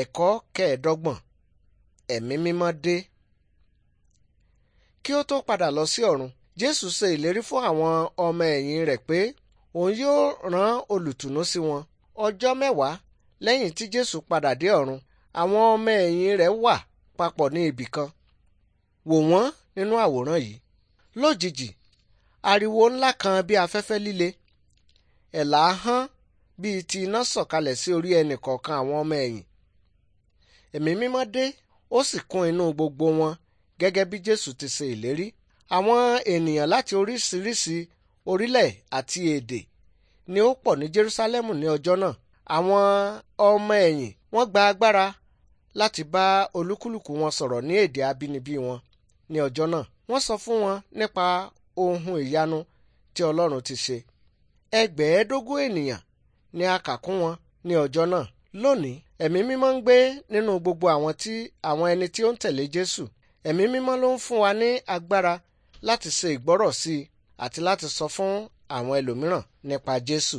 ẹ̀kọ́ kẹẹ̀ẹ́dọ́gbọ̀n ẹ̀mí mímọ́ dé. kí ó tó padà lọ sí ọ̀run jésù ṣe ìlérí fún àwọn ọmọ ẹ̀yìn rẹ̀ pé òun yóò rán olùtùnú sí wọn ọjọ́ mẹ́wàá lẹ́yìn tí jésù padà dé ọ̀run àwọn ọmọ ẹ̀yìn rẹ̀ wà papọ̀ ní ibì kan wò wọ́n nínú àwòrán yìí lójijì ariwo ńlá kan bí afẹ́fẹ́ líle ẹ̀là hán bíi ti iná sọ̀kalẹ̀ sí orí ẹnì kọ̀ọ̀kan àwọn ọmọ ẹ̀yìn ẹ̀mí mímọ́ dé ó sì kún inú gbogbo wọn gẹ́gẹ́ bí Jésù ti ṣe ìlérí àwọn ènìyàn láti oríṣiríṣi orílẹ̀ àti èdè ni ó pọ̀ ní Jerúsálẹ́mù ní ọjọ́ náà àwọn ọmọ ẹ̀yìn wọ́n gba agbára láti bá olúkúlùkù wọn sọ̀rọ̀ ní èdè abínibí wọn ní ọjọ́ náà wọ́n sọ fún wọn nípa ohun ìyanu tí Ọlọ́run ti ṣe ẹgbẹ̀ẹ́dógún ènìyàn ni a kà kún wọn ní ọjọ́ náà lónìí ẹ̀mí mímọ́ ń gbé nínú gbogbo àwọn tí àwọn ẹni tí ó ń tẹ̀lé Jésù ẹ̀mí mímọ́ ló ń fún wa ní agbára láti ṣe ìgbọ́rọ̀ sí i àti láti sọ fún àwọn ẹlòmíràn nípa Jésù.